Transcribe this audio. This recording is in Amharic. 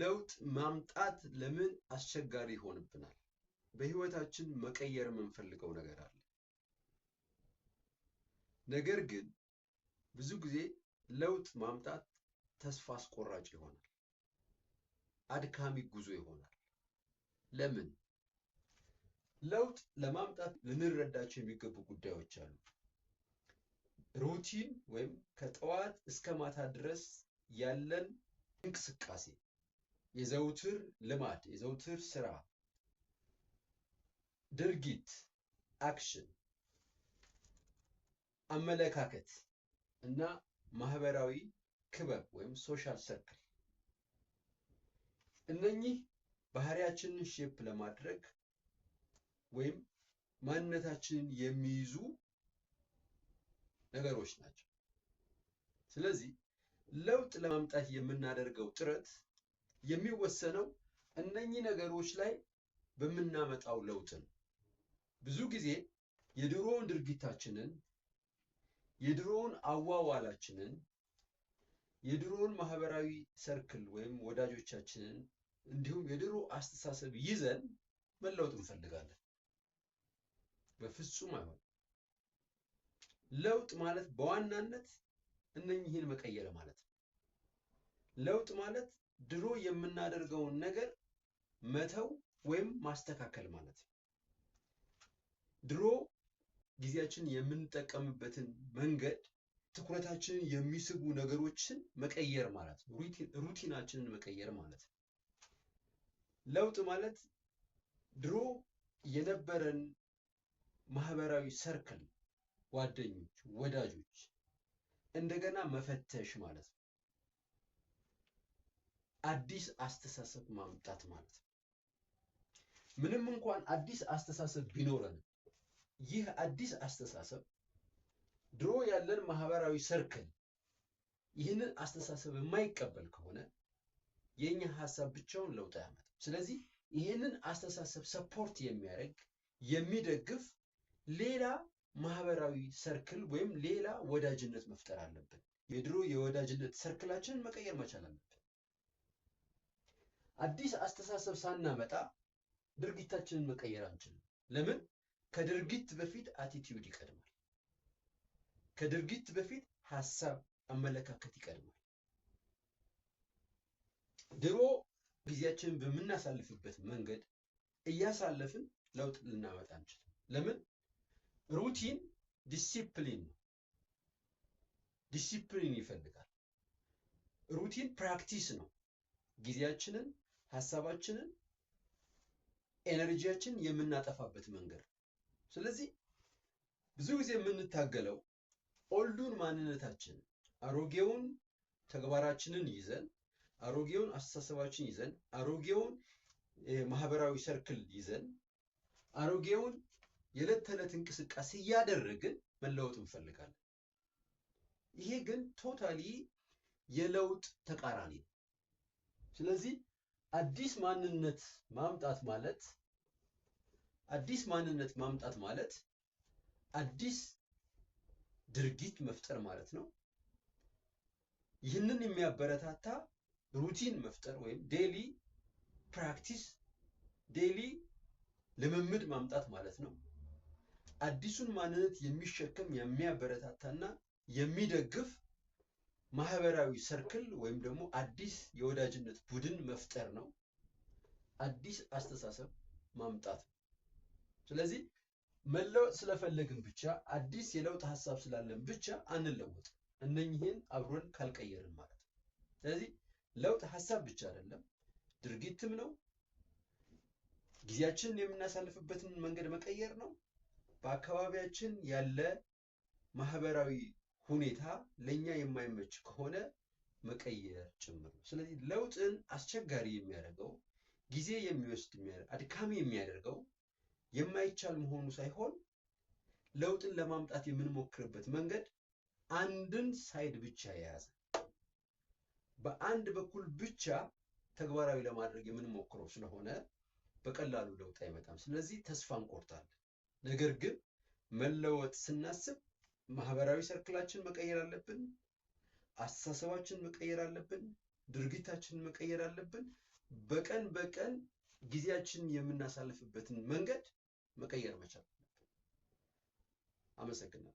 ለውጥ ማምጣት ለምን አስቸጋሪ ይሆንብናል? በህይወታችን መቀየር የምንፈልገው ነገር አለ። ነገር ግን ብዙ ጊዜ ለውጥ ማምጣት ተስፋ አስቆራጭ ይሆናል። አድካሚ ጉዞ ይሆናል። ለምን? ለውጥ ለማምጣት ልንረዳቸው የሚገቡ ጉዳዮች አሉ። ሩቲን ወይም ከጠዋት እስከ ማታ ድረስ ያለን እንቅስቃሴ የዘውትር ልማድ፣ የዘውትር ስራ፣ ድርጊት አክሽን፣ አመለካከት እና ማህበራዊ ክበብ ወይም ሶሻል ሰርክል እነኚህ ባህሪያችንን ሼፕ ለማድረግ ወይም ማንነታችንን የሚይዙ ነገሮች ናቸው። ስለዚህ ለውጥ ለማምጣት የምናደርገው ጥረት የሚወሰነው እነኚህ ነገሮች ላይ በምናመጣው ለውጥ ነው። ብዙ ጊዜ የድሮውን ድርጊታችንን፣ የድሮውን አዋዋላችንን፣ የድሮውን ማህበራዊ ሰርክል ወይም ወዳጆቻችንን እንዲሁም የድሮ አስተሳሰብ ይዘን መለወጥ እንፈልጋለን። በፍጹም አይሆን። ለውጥ ማለት በዋናነት እነኚህን መቀየር ማለት ነው። ለውጥ ማለት ድሮ የምናደርገውን ነገር መተው ወይም ማስተካከል ማለት ነው። ድሮ ጊዜያችን የምንጠቀምበትን መንገድ ትኩረታችንን የሚስቡ ነገሮችን መቀየር ማለት ነው። ሩቲናችንን መቀየር ማለት ነው። ለውጥ ማለት ድሮ የነበረን ማህበራዊ ሰርክል ጓደኞች፣ ወዳጆች እንደገና መፈተሽ ማለት ነው። አዲስ አስተሳሰብ ማምጣት ማለት ነው። ምንም እንኳን አዲስ አስተሳሰብ ቢኖረን ይህ አዲስ አስተሳሰብ ድሮ ያለን ማህበራዊ ሰርክል ይህንን አስተሳሰብ የማይቀበል ከሆነ የእኛ ሀሳብ ብቻውን ለውጥ አያመጣም። ስለዚህ ይህንን አስተሳሰብ ሰፖርት የሚያደርግ የሚደግፍ ሌላ ማህበራዊ ሰርክል ወይም ሌላ ወዳጅነት መፍጠር አለብን። የድሮ የወዳጅነት ሰርክላችንን መቀየር መቻል አለብን። አዲስ አስተሳሰብ ሳናመጣ ድርጊታችንን መቀየር አንችልም። ለምን? ከድርጊት በፊት አቲቲዩድ ይቀድማል። ከድርጊት በፊት ሀሳብ፣ አመለካከት ይቀድማል። ድሮ ጊዜያችንን በምናሳልፍበት መንገድ እያሳለፍን ለውጥ ልናመጣ አንችልም። ለምን? ሩቲን ዲሲፕሊን ነው። ዲሲፕሊን ይፈልጋል። ሩቲን ፕራክቲስ ነው። ጊዜያችንን ሀሳባችንን ኤነርጂያችን የምናጠፋበት መንገድ። ስለዚህ ብዙ ጊዜ የምንታገለው ኦልዱን ማንነታችን አሮጌውን ተግባራችንን ይዘን አሮጌውን አስተሳሰባችን ይዘን አሮጌውን ማህበራዊ ሰርክል ይዘን አሮጌውን የዕለት ተዕለት እንቅስቃሴ እያደረግን መለወጥ እንፈልጋለን። ይሄ ግን ቶታሊ የለውጥ ተቃራኒ ነው። ስለዚህ አዲስ ማንነት ማምጣት ማለት አዲስ ማንነት ማምጣት ማለት አዲስ ድርጊት መፍጠር ማለት ነው። ይህንን የሚያበረታታ ሩቲን መፍጠር ወይም ዴሊ ፕራክቲስ ዴሊ ልምምድ ማምጣት ማለት ነው። አዲሱን ማንነት የሚሸከም የሚያበረታታና የሚደግፍ ማህበራዊ ሰርክል ወይም ደግሞ አዲስ የወዳጅነት ቡድን መፍጠር ነው። አዲስ አስተሳሰብ ማምጣት ነው። ስለዚህ መለወጥ ስለፈለግን ብቻ አዲስ የለውጥ ሀሳብ ስላለን ብቻ አንለወጥ። እነኝህን አብሮን ካልቀየርን ማለት ነው። ስለዚህ ለውጥ ሀሳብ ብቻ አይደለም፣ ድርጊትም ነው። ጊዜያችንን የምናሳልፍበትን መንገድ መቀየር ነው። በአካባቢያችን ያለ ማህበራዊ ሁኔታ ለእኛ የማይመች ከሆነ መቀየር ጭምር ነው። ስለዚህ ለውጥን አስቸጋሪ የሚያደርገው ጊዜ የሚወስድ አድካሚ የሚያደርገው የማይቻል መሆኑ ሳይሆን ለውጥን ለማምጣት የምንሞክርበት መንገድ አንድን ሳይድ ብቻ የያዘ በአንድ በኩል ብቻ ተግባራዊ ለማድረግ የምንሞክረው ስለሆነ በቀላሉ ለውጥ አይመጣም። ስለዚህ ተስፋ እንቆርጣለን። ነገር ግን መለወጥ ስናስብ ማህበራዊ ሰርክላችን መቀየር አለብን። አስተሳሰባችን መቀየር አለብን። ድርጊታችንን መቀየር አለብን። በቀን በቀን ጊዜያችንን የምናሳልፍበትን መንገድ መቀየር መቻል አመሰግናለሁ።